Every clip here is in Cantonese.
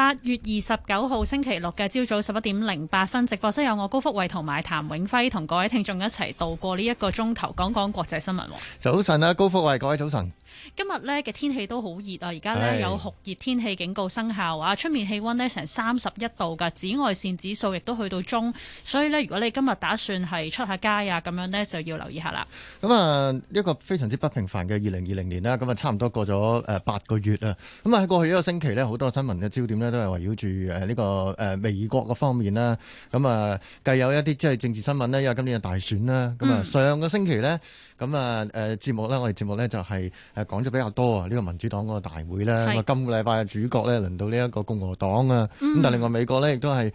八月二十九號星期六嘅朝早十一點零八分，直播室有我高福慧同埋譚永輝同各位聽眾一齊度過呢一個鐘頭，講講國際新聞。早晨啊，高福慧，各位早晨。今日呢嘅天氣都好熱啊，而家呢有酷熱天氣警告生效啊，出面氣溫呢成三十一度噶，紫外線指數亦都去到中，所以呢，如果你今日打算係出下街啊咁樣呢，就要留意一下啦。咁啊，一個非常之不平凡嘅二零二零年啦，咁啊差唔多過咗誒八個月啊。咁啊喺過去一個星期呢，好多新聞嘅焦點咧。都係圍繞住誒呢個誒美國個方面啦，咁啊，計有一啲即係政治新聞咧，因為今年嘅大選啦，咁、嗯、啊上個星期呢，咁啊誒節目呢，我哋節目呢，就係誒講咗比較多啊，呢、這個民主黨嗰個大會啦，今個禮拜嘅主角呢，輪到呢一個共和黨啊，咁、嗯、但係另外美國呢、這個，亦都係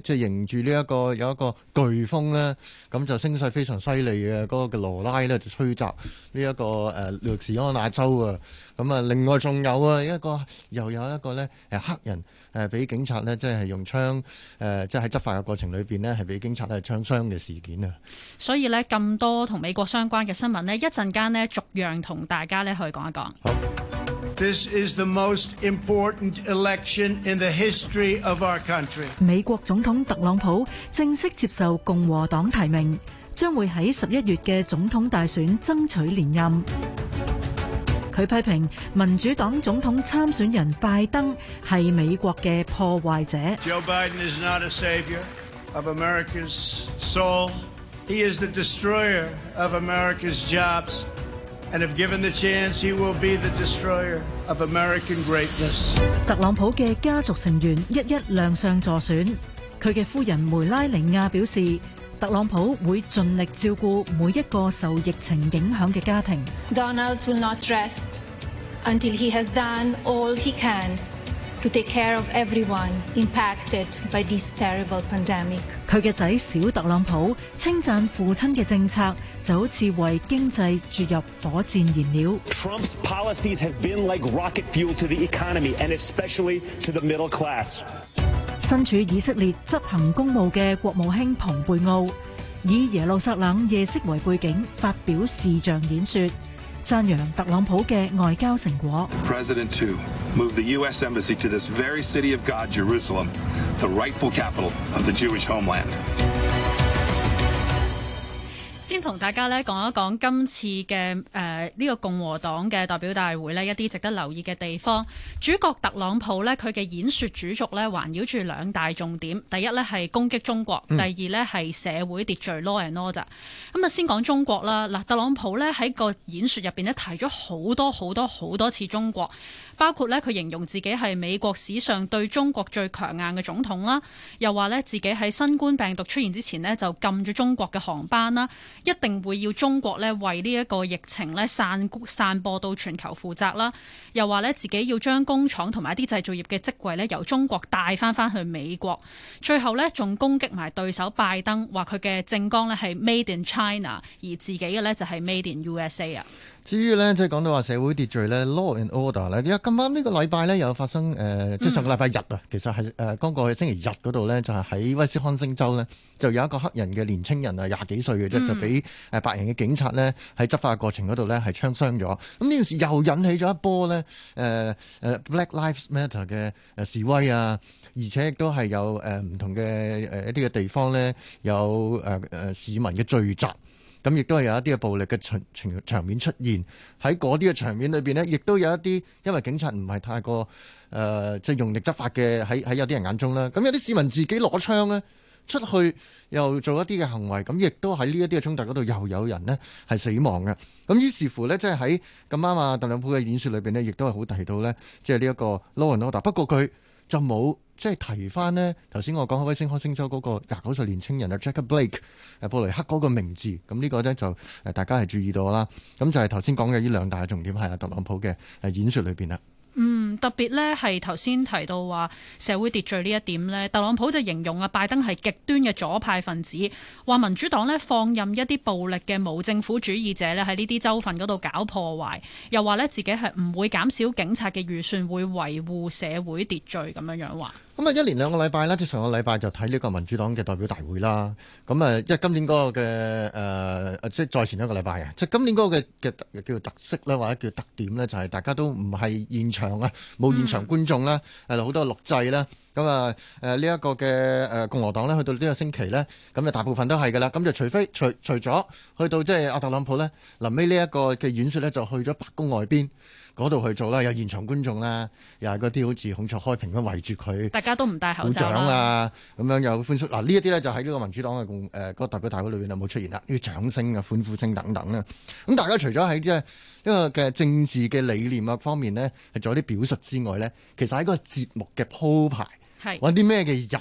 誒即係迎住呢一個有一個颶風咧，咁就聲勢非常犀利嘅嗰個嘅羅拉呢，就吹襲呢一個誒諾士安那州啊，咁啊另外仲有啊一個又有一個呢，誒黑人。誒，俾警察呢，即係用槍誒，即係喺執法嘅過程裏邊呢，係俾警察咧槍傷嘅事件啊。所以呢，咁多同美國相關嘅新聞呢，一陣間呢，逐樣同大家呢去講一講。好。This is the most important election in the history of our country。美國總統特朗普正式接受共和黨提名，將會喺十一月嘅總統大選爭取連任。佢批評民主黨總統參選人拜登係美國嘅破壞者。Joe Biden is not a savior of America's soul. He is the destroyer of America's jobs, and if given the chance, he will be the destroyer of American greatness. 特朗普嘅家族成員一一亮相助選，佢嘅夫人梅拉尼亞表示。特朗普會盡力照顧每一個受疫情影響嘅家庭。佢嘅仔小特朗普稱讚父親嘅政策就好似為經濟注入火箭燃料。身處以色列執行公務嘅國務卿蓬佩奧，以耶路撒冷夜色為背景發表視像演說，讚揚特朗普嘅外交成果。The President moved the US embassy to this very city of God, Jerusalem, the rightful capital of the Jewish homeland. 先同大家咧講一講今次嘅誒呢個共和黨嘅代表大會呢一啲值得留意嘅地方。主角特朗普呢佢嘅演説主軸呢環繞住兩大重點，第一呢係攻擊中國，嗯、第二呢係社會秩序 law and order，咁啊，先講中國啦，嗱特朗普呢喺個演説入邊，呢提咗好多好多好多次中國。包括咧，佢形容自己係美國史上對中國最強硬嘅總統啦，又話咧自己喺新冠病毒出現之前咧就禁咗中國嘅航班啦，一定會要中國咧為呢一個疫情咧散散播到全球負責啦，又話咧自己要將工廠同埋一啲製造業嘅職位咧由中國帶翻翻去美國，最後咧仲攻擊埋對手拜登，話佢嘅政綱咧係 made in China，而自己嘅咧就係 made in USA 啊。至於咧即係講到話社會秩序咧，law and order 啱呢個禮拜咧，又有發生誒、呃，即係上個禮拜日啊、嗯，其實係誒剛過去星期日嗰度咧，就係、是、喺威斯康星州咧，就有一個黑人嘅年青人啊，廿幾歲嘅啫，就俾誒白人嘅警察咧喺執法過程嗰度咧，係槍傷咗。咁、嗯、呢件事又引起咗一波呢誒誒、呃、Black Lives Matter 嘅誒示威啊，而且亦都係有誒唔、呃、同嘅誒一啲嘅地方咧，有誒誒、呃、市民嘅聚集。咁亦都係有一啲嘅暴力嘅場場面出現喺嗰啲嘅場面裏面呢，亦都有一啲因為警察唔係太過呃、即係用力執法嘅喺喺有啲人眼中啦。咁有啲市民自己攞槍呢出去又做一啲嘅行為，咁亦都喺呢一啲嘅衝突嗰度又有人呢係死亡嘅。咁於是乎呢，即係喺咁啱啊特朗普嘅演説裏面呢，亦都係好提到呢，即係呢一個 law and order。不過佢。就冇即係提翻呢。頭先我講開《威斯康星州》嗰個廿九歲年青人啊 Jack Blake，布雷克嗰個名字，咁呢個咧就大家係注意到啦。咁就係頭先講嘅呢兩大嘅重點，係阿特朗普嘅演說裏面。啦。特別咧，係頭先提到話社會秩序呢一點咧，特朗普就形容啊拜登係極端嘅左派分子，話民主黨咧放任一啲暴力嘅無政府主義者咧喺呢啲州份嗰度搞破壞，又話咧自己係唔會減少警察嘅預算，會維護社會秩序咁樣樣話。咁啊，一連兩個禮拜啦，即係上個禮拜就睇呢個民主黨嘅代表大會啦。咁啊、呃，因為今年嗰個嘅誒，即係再前一個禮拜啊。即係今年嗰個嘅嘅叫特色咧，或者叫特點咧，就係大家都唔係現場啊，冇現場觀眾啦，係、嗯、好多錄製啦。咁、嗯、啊，誒呢一個嘅誒共和黨呢，去到呢個星期呢，咁就大部分都係㗎啦。咁就除非除除咗去到即係阿特朗普呢，臨尾呢一個嘅演説呢，就去咗白宮外邊。嗰度去做啦，有現場觀眾啦，又係嗰啲好似孔雀開屏咁圍住佢，大家都唔戴口罩長啊，咁樣有歡呼。嗱，呢一啲咧就喺呢個民主黨嘅共誒個代表大會裏邊有冇出現啦？呢啲掌聲啊、歡呼聲等等啦，咁大家除咗喺即係呢個嘅政治嘅理念啊方面呢，係做一啲表述之外呢，其實喺個節目嘅鋪排，揾啲咩嘅人？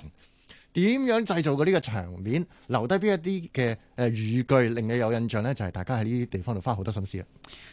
點樣製造個呢個場面？留低邊一啲嘅誒語句令你有印象呢？就係、是、大家喺呢啲地方度花好多心思啦。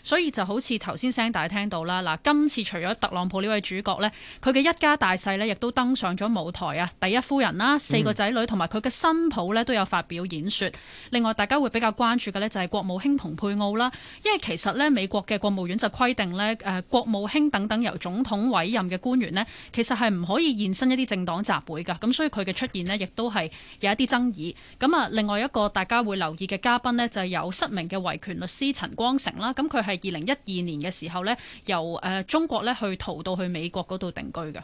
所以就好似頭先聲帶聽到啦，嗱，今次除咗特朗普呢位主角呢，佢嘅一家大細呢，亦都登上咗舞台啊，第一夫人啦，四個仔女同埋佢嘅新抱呢，都有發表演說。嗯、另外，大家會比較關注嘅呢，就係國務卿蓬佩奧啦，因為其實呢，美國嘅國務院就規定呢，誒國務卿等等由總統委任嘅官員呢，其實係唔可以現身一啲政黨集會㗎，咁所以佢嘅出現，亦都係有一啲爭議，咁啊，另外一個大家會留意嘅嘉賓呢，就有失明嘅維權律師陳光誠啦。咁佢係二零一二年嘅時候呢，由誒中國呢去逃到去美國嗰度定居嘅。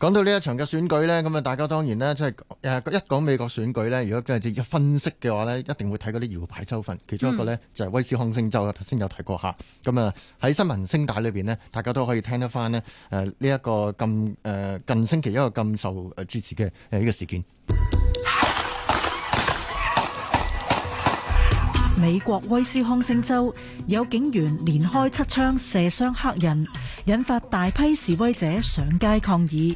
講到呢一場嘅選舉呢，咁啊，大家當然呢，即係誒，一講美國選舉呢，如果真係要分析嘅話呢，一定會睇嗰啲搖擺州份，其中一個呢，就係威斯康星州啦，頭、嗯、先有提過吓。咁啊，喺新聞聲帶裏邊呢，大家都可以聽得翻呢，誒，呢一個咁誒近星期一個咁受誒注視嘅誒呢個事件。美國威斯康星州有警員連開七槍射傷黑人，引發大批示威者上街抗議。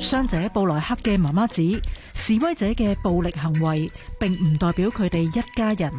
傷者布萊克嘅媽媽指，示威者嘅暴力行為並唔代表佢哋一家人。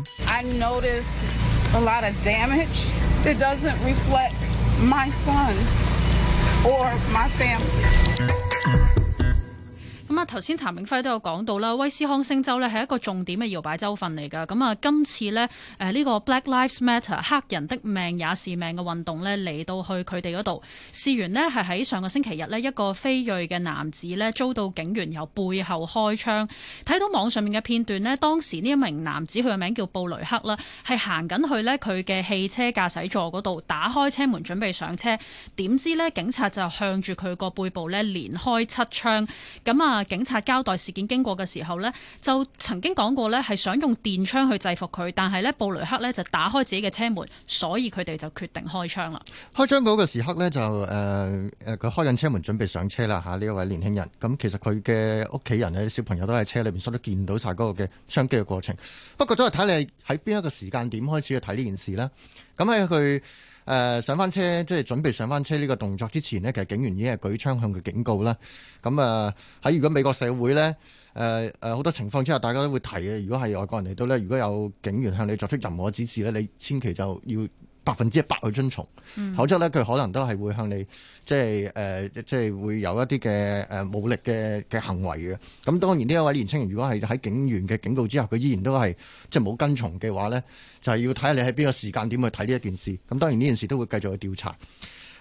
咁啊，頭先譚永輝都有講到啦，威斯康星州咧係一個重點嘅搖擺州份嚟㗎。咁啊，今次咧，誒呢個 Black Lives Matter 黑人的命也是命嘅運動咧嚟到去佢哋嗰度，事緣咧係喺上個星期日咧，一個非裔嘅男子咧遭到警員由背後開槍，睇到網上面嘅片段咧，當時呢一名男子佢嘅名叫布雷克啦，係行緊去咧佢嘅汽車駕駛座嗰度，打開車門準備上車，點知咧警察就向住佢個背部咧連開七槍。咁啊～警察交代事件經過嘅時候呢，就曾經講過呢，係想用電槍去制服佢，但係呢，布雷克呢就打開自己嘅車門，所以佢哋就決定開槍啦。開槍嗰個時刻呢，就誒誒，佢、呃、開緊車門，準備上車啦。吓呢一位年輕人，咁其實佢嘅屋企人咧，小朋友都喺車裏面，所以都見到晒嗰個嘅槍擊嘅過程。不過都係睇你喺邊一個時間點開始去睇呢件事啦。咁喺佢。誒、呃、上翻車，即係準備上翻車呢個動作之前呢，其實警員已經係舉槍向佢警告啦。咁啊，喺如果美國社會呢，誒誒好多情況之下，大家都會提嘅。如果係外國人嚟到呢，如果有警員向你作出任何指示呢，你千祈就要百分之一百去遵從，嗯、否則咧佢可能都係會向你，即係誒，即、呃、係、就是、會有一啲嘅誒武力嘅嘅行為嘅。咁當然呢一位年輕人，如果係喺警員嘅警告之下，佢依然都係即係冇跟從嘅話咧，就係、是、要睇下你喺邊個時間點去睇呢一件事。咁當然呢件事都會繼續去調查。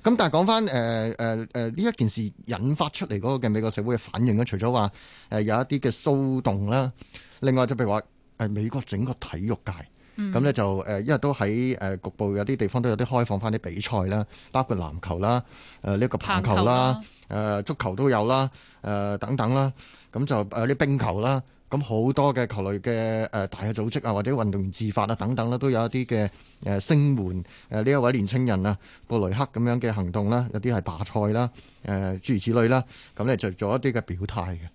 咁但係講返誒誒誒呢一件事引發出嚟嗰個嘅美國社會嘅反應咧，除咗話誒有一啲嘅騷動啦，另外就譬如話誒、呃、美國整個體育界。咁呢就誒，因為都喺誒局部有啲地方都有啲開放翻啲比賽啦，包括籃球啦、誒、這、呢個棒球啦、誒、啊、足球都有啦、誒、呃、等等啦。咁就誒啲冰球啦，咁好多嘅球類嘅誒大嘅組織啊，或者運動員自發啊等等啦，都有一啲嘅誒聲援誒呢一位年青人啊布雷克咁樣嘅行動啦，有啲係罷賽啦，誒、呃、諸如此類啦。咁你就做一啲嘅表態嘅。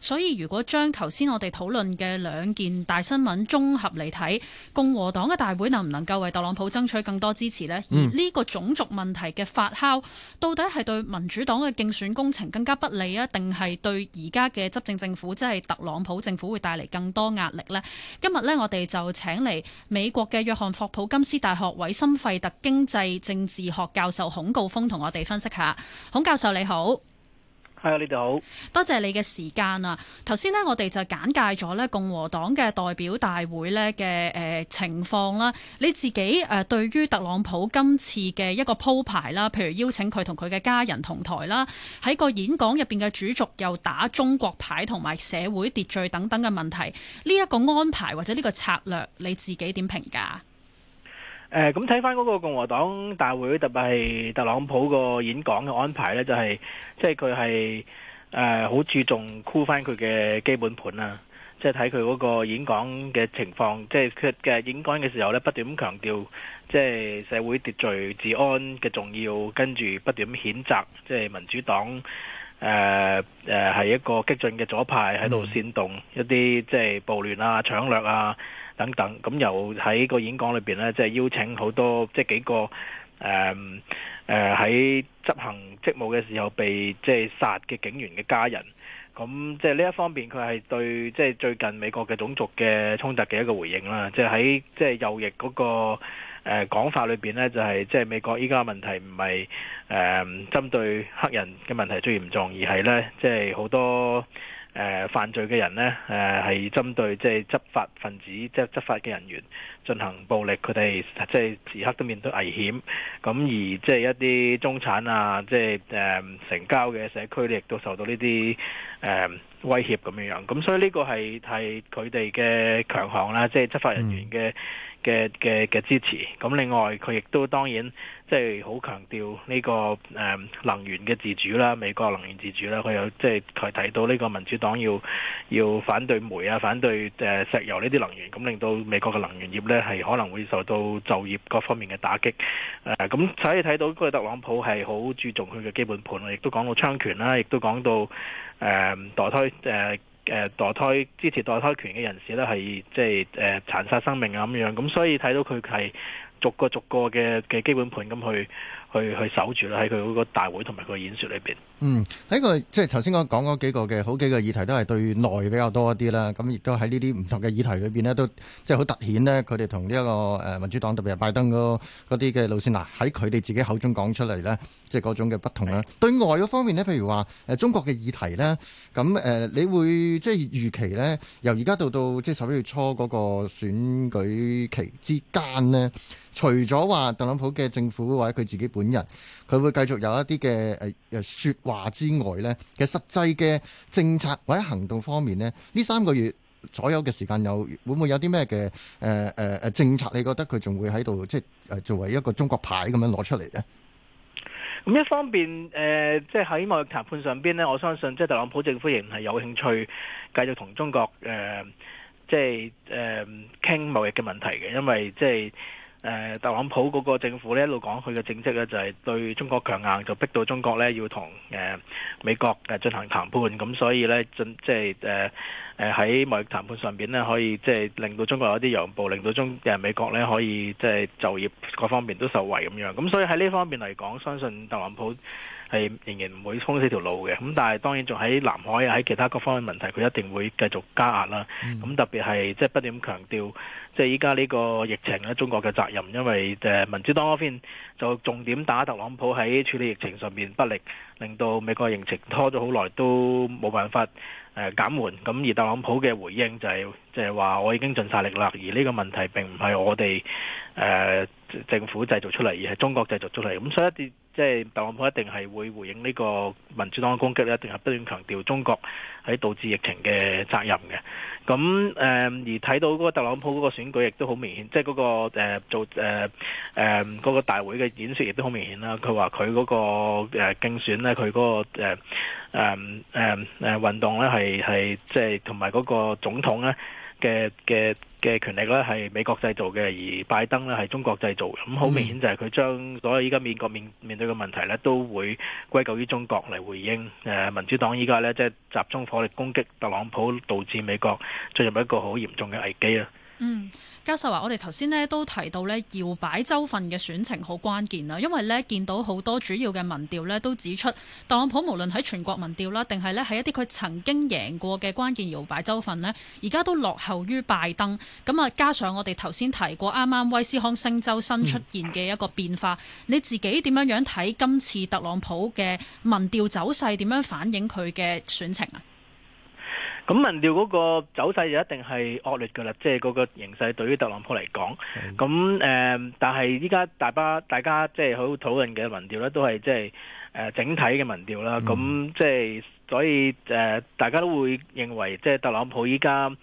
所以，如果將頭先我哋討論嘅兩件大新聞綜合嚟睇，共和黨嘅大會能唔能夠為特朗普爭取更多支持呢？嗯、而呢個種族問題嘅發酵，到底係對民主黨嘅競選工程更加不利啊？定係對而家嘅執政政府，即係特朗普政府，會帶嚟更多壓力呢？今日呢，我哋就請嚟美國嘅約翰霍普金斯大學韋森費特經濟政治學教授孔誥烽同我哋分析下。孔教授你好。係啊，你好，多謝你嘅時間啊！頭先咧，我哋就簡介咗咧共和黨嘅代表大會咧嘅誒情況啦。你自己誒對於特朗普今次嘅一個鋪排啦，譬如邀請佢同佢嘅家人同台啦，喺個演講入邊嘅主軸又打中國牌同埋社會秩序等等嘅問題，呢一個安排或者呢個策略，你自己點評價？誒、嗯，咁睇翻嗰個共和黨大會，特別係特朗普個演講嘅安排呢，就係即係佢係誒好注重箍翻佢嘅基本盤啦，啊，即係睇佢嗰個演講嘅情況，即係佢嘅演講嘅時候呢，不斷強調即係社會秩序、治安嘅重要，跟住不斷譴責即係、就是、民主黨誒誒係一個激進嘅左派喺度煽動、嗯、一啲即係暴亂啊、搶掠啊。等等，咁又喺個演講裏邊咧，即係邀請好多即係幾個誒誒喺執行職務嘅時候被即係殺嘅警員嘅家人，咁即係呢一方面佢係對即係最近美國嘅種族嘅衝突嘅一個回應啦。即係喺即係右翼嗰個誒講法裏邊咧，就係即係美國依家嘅問題唔係誒針對黑人嘅問題最嚴重，而係咧即係好多。誒、呃、犯罪嘅人呢，誒係針對即係執法分子，即係執法嘅人員進行暴力，佢哋即係時刻都面對危險。咁而即係一啲中產啊，即係誒城郊嘅社區亦都受到呢啲誒威脅咁樣樣。咁所以呢個係係佢哋嘅強項啦，即係執法人員嘅。嗯嘅嘅嘅支持，咁另外佢亦都當然即係好強調呢個誒能源嘅自主啦，美國能源自主啦，佢有即係佢提到呢個民主黨要要反對煤啊、反對石油呢啲能源，咁令到美國嘅能源業咧係可能會受到就業各方面嘅打擊。咁所以睇到嗰個特朗普係好注重佢嘅基本盤，亦都講到槍權啦，亦都講到誒墮胎誒。嗯誒、呃、墮胎支持墮胎權嘅人士咧，係即係誒殘殺生命啊咁樣，咁所以睇到佢係逐個逐個嘅嘅基本盤咁去。去去守住啦，喺佢嗰個大會同埋個演說裏面。嗯，喺個即係頭先我講嗰幾個嘅，好幾個議題都係對內比較多一啲啦。咁亦都喺呢啲唔同嘅議題裏面，呢都即係好突顯呢，佢哋同呢一個誒民主黨特別係拜登嗰啲嘅路線。嗱喺佢哋自己口中講出嚟呢，即係嗰種嘅不同啦。對外嗰方面呢，譬如話誒中國嘅議題呢，咁誒，你會即係、就是、預期呢，由而家到到即係十一月初嗰個選舉期之間呢，除咗話特朗普嘅政府或者佢自己本人佢會繼續有一啲嘅誒誒説話之外呢，其實實際嘅政策或者行動方面呢，呢三個月左右嘅時間有會唔會有啲咩嘅誒誒誒政策？你覺得佢仲會喺度即係作為一個中國牌咁樣攞出嚟呢？咁一方面誒、呃，即係喺貿易談判上邊呢，我相信即係特朗普政府仍然係有興趣繼續同中國誒、呃、即係誒傾貿易嘅問題嘅，因為即係。誒、呃，特朗普嗰個政府呢一路講佢嘅政績呢就係、是、對中國強硬，就逼到中國呢要同誒、呃、美國誒進行談判，咁所以呢，進即係誒誒喺貿易談判上面呢，可以即係令到中國有啲讓步，令到中美國呢可以即係就業各方面都受惠咁樣，咁所以喺呢方面嚟講，相信特朗普。係仍然唔會封死條路嘅，咁但係當然仲喺南海喺其他各方嘅問題，佢一定會繼續加壓啦。咁、嗯、特別係即係不斷強調，即係依家呢個疫情咧，中國嘅責任，因為誒民主黨嗰邊就重點打特朗普喺處理疫情上面不力，令到美國疫情拖咗好耐都冇辦法誒減緩。咁而特朗普嘅回應就係、是、就係話：我已經盡晒力啦，而呢個問題並唔係我哋誒。呃政府製造出嚟，而係中國製造出嚟，咁所以一啲即係特朗普一定係會回應呢個民主黨嘅攻擊，一定係不斷強調中國喺導致疫情嘅責任嘅。咁、嗯、而睇到嗰個特朗普嗰個選舉亦都好明顯，即係嗰個、呃、做嗰、呃呃嗰個大會嘅演説亦都好明顯啦。佢話佢嗰個誒、呃、競選咧，佢嗰個誒誒誒誒運動咧係係即係同埋嗰個總統咧。嘅嘅嘅權力咧，係美國製造嘅，而拜登呢係中國製造嘅。咁好明顯就係佢將所有依家美國面面，面對嘅問題咧，都會歸咎於中國嚟回應。誒、呃，民主黨依家咧即係集中火力攻擊特朗普，導致美國進入一個好嚴重嘅危機啦。嗯，教授話，我哋頭先咧都提到咧搖擺州份嘅選情好關鍵啦，因為咧見到好多主要嘅民調咧都指出，特朗普無論喺全國民調啦，定係咧喺一啲佢曾經贏過嘅關鍵搖擺州份呢，而家都落後於拜登。咁啊，加上我哋頭先提過啱啱威斯康星州新出現嘅一個變化，嗯、你自己點樣樣睇今次特朗普嘅民調走勢，點樣反映佢嘅選情啊？咁民調嗰個走勢就一定係惡劣㗎啦，即係嗰個形勢對於特朗普嚟講。咁、嗯嗯、但係依家大把大家即係好討論嘅民調咧、就是，都係即係整體嘅民調啦。咁即係所以、呃、大家都會認為即係、就是、特朗普依家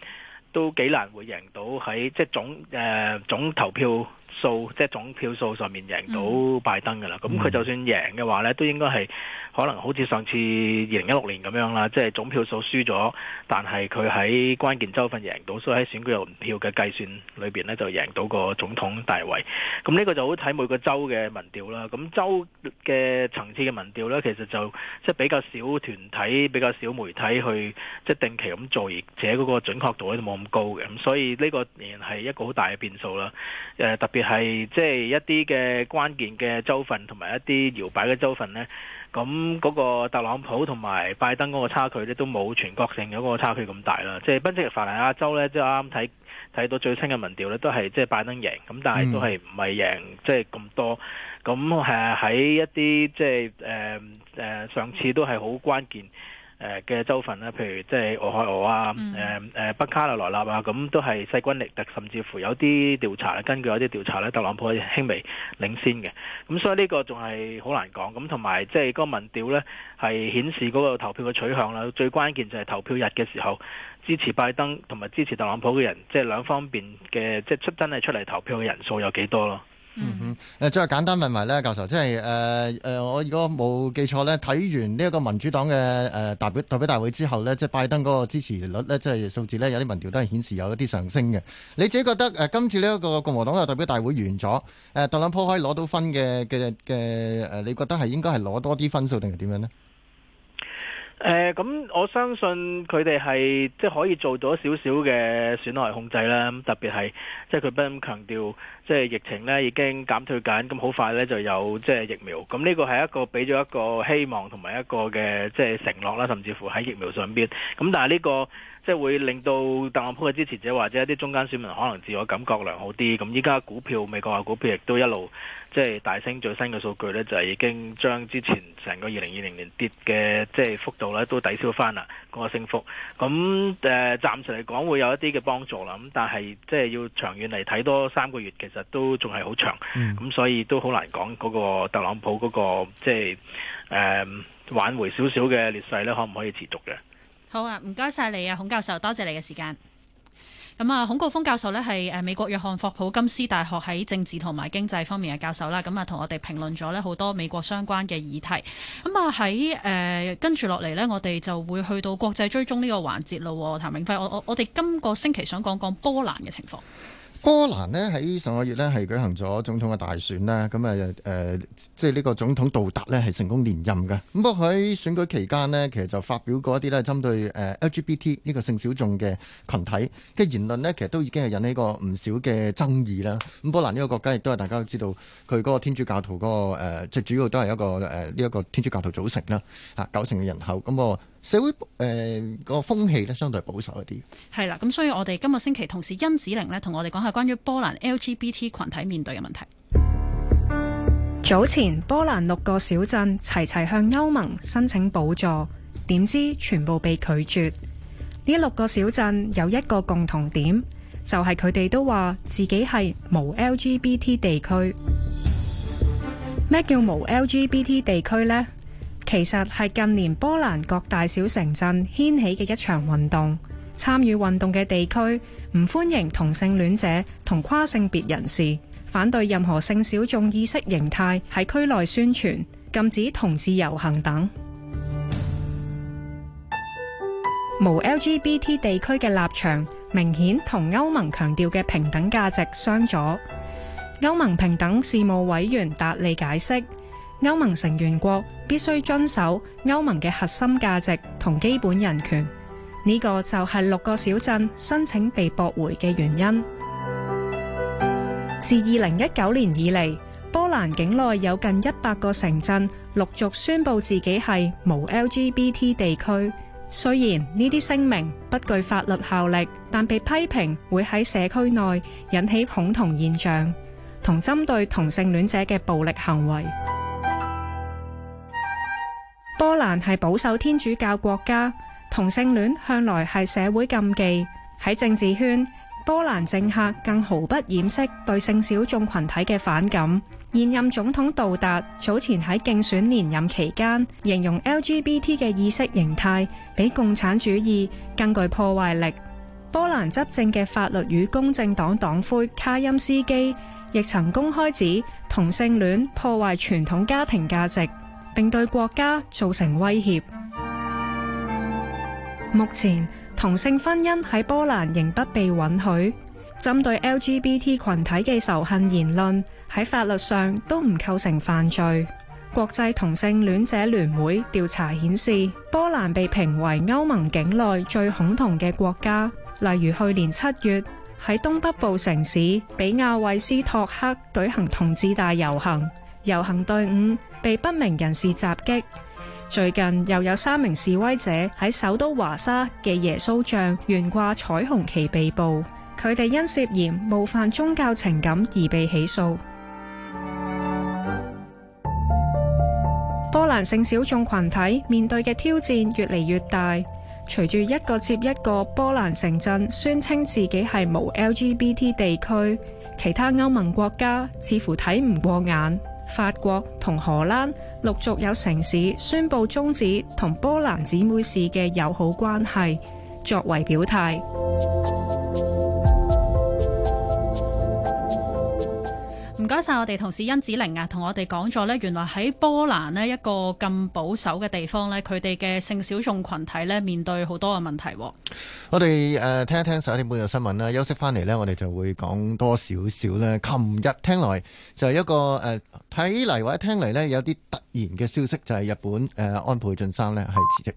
都幾難會贏到喺即係總、呃、總投票數即係總票數上面贏到拜登㗎啦，咁、嗯、佢就算贏嘅話咧，都應該係可能好似上次二零一六年咁樣啦，即係總票數輸咗，但係佢喺關鍵州份贏到，所以喺選舉人票嘅計算裏邊咧就贏到個總統大位。咁呢個就好睇每個州嘅民調啦，咁州嘅層次嘅民調咧，其實就即係比較少團體比較少媒體去即係定期咁做，而且嗰個準確度咧都冇咁高嘅，咁所以呢個年係一個好大嘅變數啦。誒特別。係即係一啲嘅關鍵嘅州份，同埋一啲搖擺嘅州份呢。咁嗰個特朗普同埋拜登嗰個差距呢，都冇全國性嘅嗰個差距咁大啦。即係賓夕法尼亞州呢，即係啱啱睇睇到最新嘅民調呢，都係即係拜登贏，咁但係都係唔係贏即係咁多。咁係喺一啲即係誒誒上次都係好關鍵。誒嘅州份咧，譬如即係俄亥俄啊，誒、嗯、誒北卡羅來納啊，咁都係勢均力敵，甚至乎有啲調查，根據有啲調查咧，特朗普係輕微領先嘅。咁所以呢個仲係好難講。咁同埋即係嗰個民調咧，係顯示嗰個投票嘅取向啦。最關鍵就係投票日嘅時候，支持拜登同埋支持特朗普嘅人，即係兩方面嘅即係出真係出嚟投票嘅人數有幾多咯？嗯嗯誒，最後簡單問埋咧，教授，即係誒誒，我如果冇記錯咧，睇完呢一個民主黨嘅誒代表代表大會之後咧，即係拜登嗰個支持率咧，即係數字咧，有啲民調都係顯示有一啲上升嘅。你自己覺得誒、呃，今次呢一個共和黨嘅代表大會完咗，誒、呃，特朗普可以攞到分嘅嘅嘅誒，你覺得係應該係攞多啲分數定係點樣呢？誒、呃，咁我相信佢哋係即係可以做咗少少嘅損害控制啦，特別係即係佢不咁強調。即係疫情呢已經減退緊，咁好快呢就有即係疫苗，咁呢個係一個俾咗一個希望同埋一個嘅即係承諾啦，甚至乎喺疫苗上邊。咁但係呢個即係會令到特朗普嘅支持者或者一啲中間選民可能自我感覺良好啲。咁依家股票、美國嘅股票亦都一路即係大升。最新嘅數據呢，就係已經將之前成個二零二零年跌嘅即係幅度呢都抵消翻啦，個升幅。咁誒暫時嚟講會有一啲嘅幫助啦。咁但係即係要長遠嚟睇多三個月嘅。其實都仲係好長，咁、嗯嗯、所以都好難講嗰個特朗普嗰、那個即係誒、嗯、挽回少少嘅劣勢咧，可唔可以持續嘅？好啊，唔該晒你啊，孔教授，多謝你嘅時間。咁啊，孔誥烽教授呢，係誒美國約翰霍普金斯大學喺政治同埋經濟方面嘅教授啦，咁啊同我哋評論咗呢好多美國相關嘅議題。咁啊喺誒跟住落嚟呢，我哋就會去到國際追蹤呢個環節咯。譚明輝，我我我哋今個星期想講講波蘭嘅情況。波蘭呢喺上個月呢係舉行咗總統嘅大選啦。咁、呃、啊即係呢個總統杜達呢係成功連任嘅。咁不過喺選舉期間呢，其實就發表過一啲呢針對 LGBT 呢個性小眾嘅群體嘅言論，呢其實都已經係引起過唔少嘅爭議啦。咁波蘭呢個國家亦都係大家都知道佢嗰個天主教徒嗰、嗰個、呃、即係主要都係一個誒呢一個天主教徒組成啦，吓九成嘅人口。咁社會誒個風氣咧，相對保守一啲係啦。咁，所以我哋今個星期同事甄梓鈴咧同我哋講下關於波蘭 LGBT 群體面對嘅問題。早前，波蘭六個小鎮齊齊向歐盟申請補助，點知全部被拒絕。呢六個小鎮有一個共同點，就係佢哋都話自己係無 LGBT 地區。咩叫無 LGBT 地區呢？其實係近年波蘭各大小城鎮掀起嘅一場運動，參與運動嘅地區唔歡迎同性戀者同跨性別人士，反對任何性小眾意識形態喺區內宣傳，禁止同志遊行等。無 LGBT 地區嘅立場明顯同歐盟強調嘅平等價值相左。歐盟平等事務委員達利解釋。歐盟成員國必須遵守歐盟嘅核心價值同基本人權，呢個就係六個小鎮申請被駁回嘅原因。自二零一九年以嚟，波蘭境內有近一百個城鎮陸續宣佈自己係無 LGBT 地區。雖然呢啲聲明不具法律效力，但被批評會喺社區內引起恐同現象同針對同性戀者嘅暴力行為。波蘭係保守天主教國家，同性戀向來係社會禁忌。喺政治圈，波蘭政客更毫不掩飾對性小眾群體嘅反感。現任總統杜達早前喺競選連任期間，形容 LGBT 嘅意識形態比共產主義更具破壞力。波蘭執政嘅法律與公正黨黨魁卡欽斯基亦曾公開指同性戀破壞傳統家庭價值。並對國家造成威脅。目前同性婚姻喺波蘭仍不被允許。針對 LGBT 群體嘅仇恨言論喺法律上都唔構成犯罪。國際同性戀者聯會調查顯示，波蘭被評為歐盟境內最恐同嘅國家。例如去年七月喺東北部城市比亞維斯托克舉行同志大遊行。遊行隊伍被不明人士襲擊，最近又有三名示威者喺首都華沙嘅耶穌像懸掛彩虹旗被捕，佢哋因涉嫌冒犯宗教情感而被起訴。 波蘭性小眾群體面對嘅挑戰越嚟越大，隨住一個接一個波蘭城鎮宣稱自己係無 LGBT 地區，其他歐盟國家似乎睇唔過眼。法國同荷蘭陸續有城市宣布終止同波蘭姊妹市嘅友好關係，作為表態。唔該晒，我哋同事甄梓鈴啊，同我哋講咗呢，原來喺波蘭呢一個咁保守嘅地方呢，佢哋嘅性小眾群體呢，面對好多嘅問題。我哋誒聽一聽十一點半嘅新聞啦，休息返嚟呢，我哋就會講多少少呢。琴日聽來就係一個誒睇嚟或者聽嚟呢有啲突然嘅消息，就係日本誒安倍晉三呢係辭職。